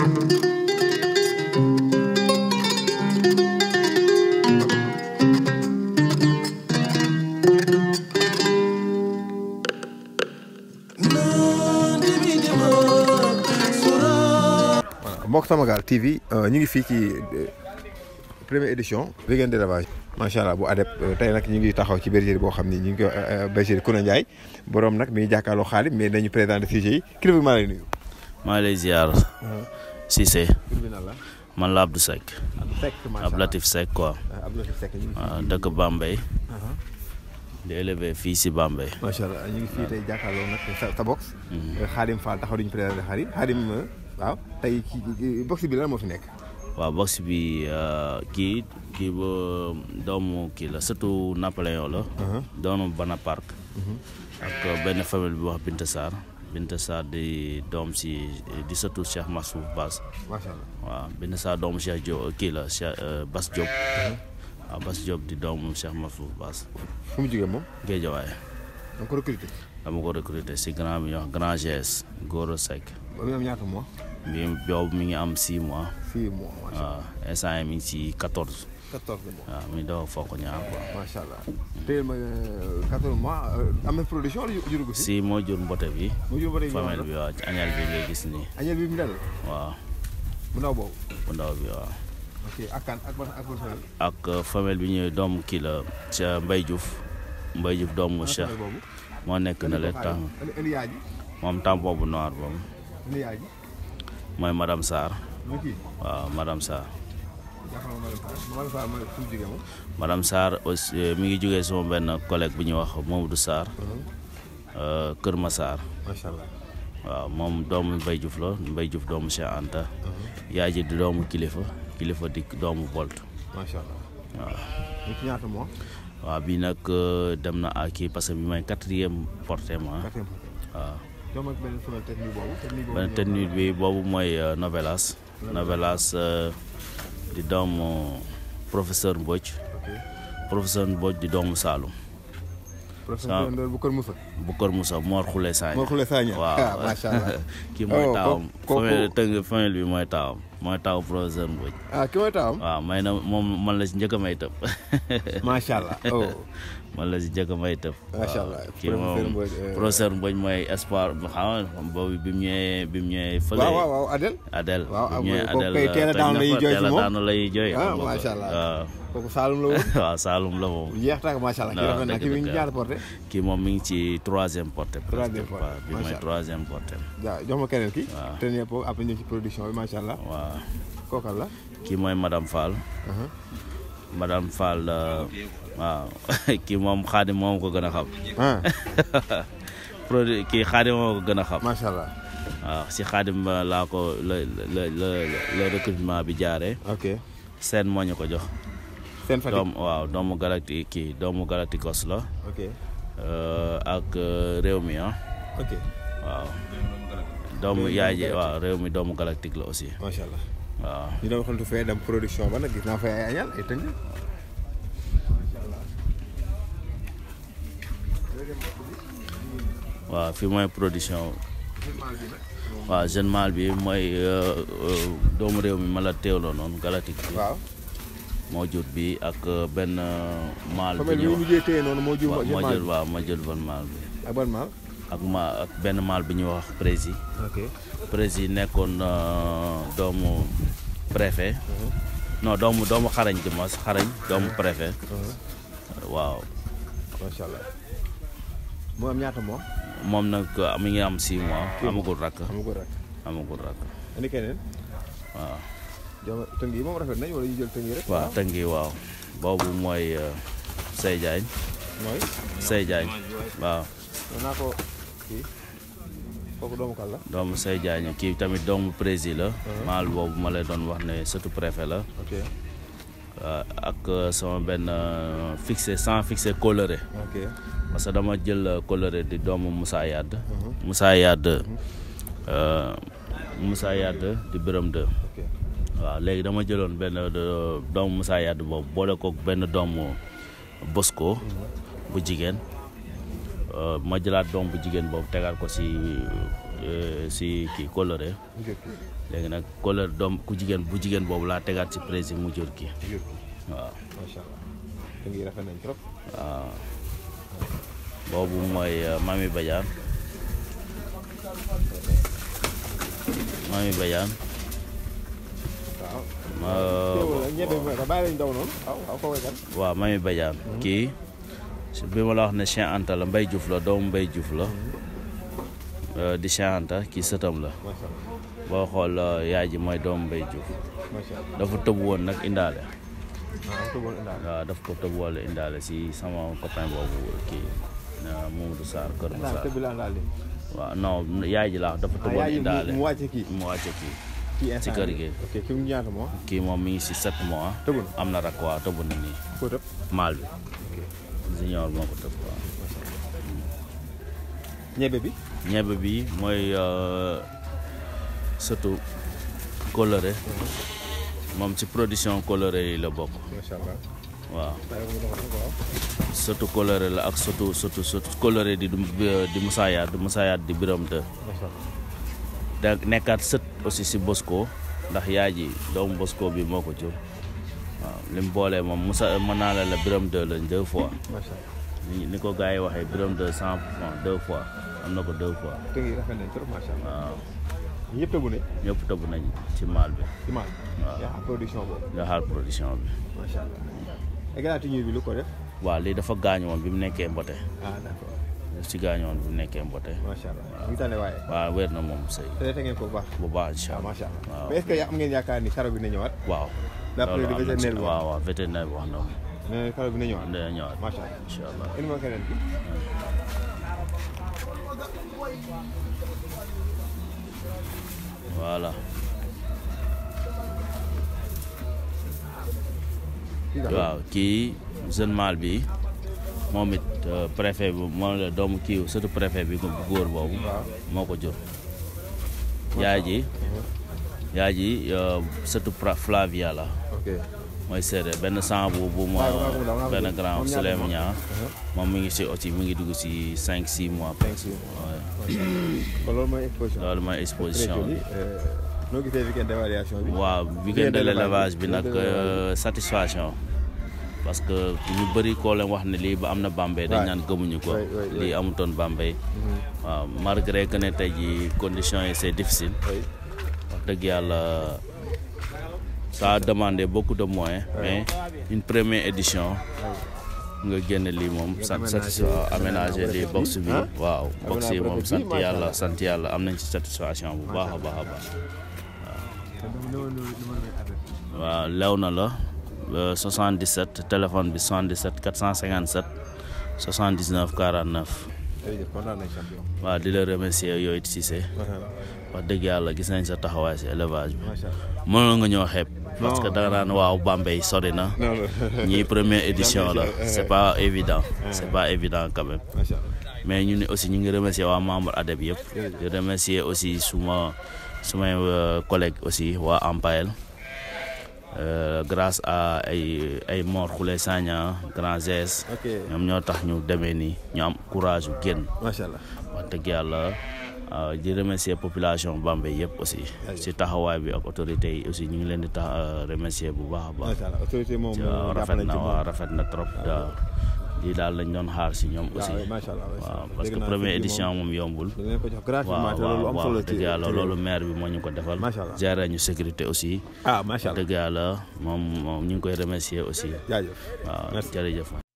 mbokk Samagal TV euh, ñu ngi fii ci euh, première édition weekend d'élevage macha allah bu adep euh, tay nak ñu ngi taxaw ci bergerie boo xam ni ñu ngi koy bergerie Kouna Ndiaye borom nag mi ngi jàkkaarloo xaalis mais dañu présenté sujet yi kilifa bi lay nuyu. maa lay ziar. Cissé man la Abdou Seck Abdou Latif Seck quoi ah, ah, dëkk Bambey uh-huh. di élevé fii si Bambey. macha allah ñu ngi fii tey xarit mm-hmm. Xaadim euh, box bi lan moo fi nekk. waaw box bi euh, kii kii doomu kii la surtout Napoléon la. Uh-huh. doomu Bonaparte. Uh-huh. ak euh, benn famille bi wax Binta Sarr. Binta Sarr di doom si di sëtu Cheikh Massouf Bass. macha allah waaw Binta Sarr doomu Cheikh Diop kii la Cheikh euh, Bass Diop. Mhm. waaw di doomu Cheikh Massouf Bass. fu mu jógee moom. Géejawaay. dama ko recruté. dama ko recruté si grand bi ñuy wax grand Goro Seck. ba mu am ñaata mois. bi boobu mi ngi am 6 mois. 6 mois waaw instant 14 mois. Ah, mais d'or faut qu'on y a Machallah. 14 mois production juru Si mo jur mbote bi. Mo jur mbote bi. Famel bi wa agnal bi ngay gis ni. Agnal bi mi dal. Waaw. Bu ndaw OK dom ki la ci Diouf. Diouf dom Cheikh. Mo nek na le tam. Eliaji. Mom tam bobu noir bobu. Eliaji. Moy madame Sar. Waaw, madame madame Sarr aussi euh, mi ngi jógee sama benn collègue bu ñuy wax Mamadou Sarr uh-huh. euh, Kër Massar waaw moom doomu Mbay Juuf la Mbay Juuf doomu Cheikh Anta uh-huh. yaay di dom kilifa kilifa di doomu Bolt waaw waaw bi nag euh, dem na à kii parce bi may quatrième porté ma waaw benn technique bi boobu mooy novelas novelas di doomu professeur Mbodj professeur Mbodj di doomu Saloum professeur Ndoye bu Kër Moussa. bu Kër waaw ah, macha mooy oh, taawam famille mooy taaw professeur Mbodj. Ah, ki mooy taawam. waaw may na moom man la si njëkk a may tëb. macha oh. eh. mooy espoir mu ñëwee bi bi mu ñëwee ah, Adel teel a daanu la la ñuy jooy. macha kooku Saalum la woon waaw Saalum la moom. jeex tàkk macha allah kii moom mi ngi ci troisième porté. troisième porté waaw bi mooy troisième porté. waaw jox ma keneen kii. waaw teneen po kii mooy uh-huh. euh, moom xaadim moom ko gën a xam. Ah. produit kii xaadim moom ko gën a xam. macha allah. waaw si xaadim euh, laa ko la la la bi jaaree. ok seen moo ko jox. seen waaw doomu galacti kii doomu galacticos la. ok euh, ak euh, réew mi ah. waaw. doomu yaay ji waaw la aussi. macha allah waaw. ñu production ba nag gis naa fa ay añal bi mooy euh, doomu réew mi ma la teewloo noonu galactique bi. moo jur bi ak ben eh, mal bi ñu noonu moo jur moo jur waaw moo jur ban mal bi ak ban mal ak ma ak mal maal bi ñu wax prési ok prési nekkoon eh, doomu préfet uh-huh. non doomu doomu xarañ di mos xarañ doomu uh-huh. préfet uh-huh. waaw macha allah mu am ñaata moom moom nag mi ngi am 6 mois amagul rakk amagul rakk amagul rakk ani keneen waaw jamono tëng yi moom rafet nañ wala ñu jël tëng rek. waaw tëng waaw boobu mooy Sey Diagne. mooy Sey waaw. kii doomu kan la. kii tamit doomu prési la. maal boobu ma lay doon wax ne surtout préfet la. ak sama benn fixé sans fixé coloré. ok parce que dama jël coloré di doomu musaa Yade. Moussa Yade Moussa Yade di Birame 2. waaw léegi dama jëloon benn doomu Moussa Yade boobu boole koog benn doomu Bosco bu jigéen euh, ma jëlaat doom bu jigéen boobu tegaat ko si euh, si kii coloré léegi nag coloré doom ku jigéen bu jigéen boobu laa tegaat si mu jur kii waaw allah waaw boobu mooy euh, Mami Badiane Mami Badiane waaw mami badiane kii bi ma la wax ne Cheikh Anta la Mbaye Diouf la doomu Mbaye Diouf la di Cheikh Anta kii sëtam la boo xool yaay ji mooy doomu Mbaye Diouf dafa tëb woon nag indaale waaw daf ko tëb woon indaale si sama copain boobu kii Mamadou Sarr Kër Massar waaw non yaay ji laa dafa tëboon indaale mu wàcce kii ci kër gi. ok kii mu kii moom mi ngi si sept mois. tëbu am na rak waaw tëbu na nii. maal bi. ñebe bi. mooy euh, surtout coloré. moom si production coloré yi la bokk. macha allah waaw. la ak surtout surtout surtout coloré di du di musaayaat di musaayaat di biram te. da nekkaat sët aussi si bosko ndax yaay ji doomu bosko bi moo ko jur waaw li mu boolee moom Moussa mën naa la la Birame de lañ deux fois ni ko gars yi waxee Birame 2 cent franc deux fois am na ko de fois waaw ñëpp tëbu nañ. ñëpp tëbu nañ ci maal bi. ci maal waaw nga xaar production bi. macha allah. galaatu ñuy dafa gaañu woon bi mu nekkee mbote. Ah, si gaañoon bu nekkee mbote. waaw wér na moom sëy. bu baax. incha allah waaw mais est ce que am ngeen yaakaar ni karo bi na ñëwaat. waaw loolu am na ci waaw waaw vétérinaire bi wax na ko. nee karo bi na ñëwaat. dina ñëwaat macha allah incha allah. il ma keneen bi. voilà. waaw kii jeune mâle bi. moom it euh, préfet bi moom la doomu kii surtout préfet bi bu góor boobu moo ko jur yaay ji yaay ji euh, surtout Flavia la mooy séeréer benn sang bu ma benn grand Souleymane uh-huh. moom mi ngi si aussi mu ngi dugg si cinq six mois loolu mooy exposition bi euh, waaw weekend de l'élevage bi nag satisfaction parce que ñu bëri koo wax ne lii ba am na Bambey dañ naan gëmuñu ko lii amutoon Bambey mm-hmm. waaw malgré que ne tey ji conditions yi c'est difficile wax dëgg yàlla saa a demandé beaucoup de moyens mais une première édition nga génn lii moom sant aménagé lii box bi waaw box yi moom sant yàlla sant yàlla am nañ ci satisfaction bu baax a baax a baax lew na la 77 eh, téléphone bi 77 457 79 49. waaw di la remercier yooyu Cissé wax dëgg yàlla gis nañ sa taxawaay si élevage bi mënoon nga ñoo xeeb parce que da nga naan waaw Bambey sori na ñii première édition la c'est eh. pas évident c'est eh. pas évident quand même mais ñu ne aussi ñu ngi remercier waa membre ADEB yëpp di remercier aussi suma sumay euh, collègue aussi waa Ampayel Euh, grâce à ay ay Mor Khoule Sagna Grand Zes. ñoom ñoo tax ñu demee nii ñu am courage bu génn. macha allah wax dëgg yàlla euh, di remercier population Bambey yëpp aussi. si taxawaay bi ak autorités yi aussi ñu ngi leen di tax euh, remercier bu baax a baax. macha allah autorité moom rafet na waaw rafet na trop. lii daal lañ doon xaar si ñoom aussi waaw parce que première édition moom yombul waaw waaw waaw dëgg yàlla loolu maire bi moo ñu ko defal gérer ñu sécurité aussi ah, dëgg yàlla moom moom ñu ngi koy remercier aussi waaw jërëjëf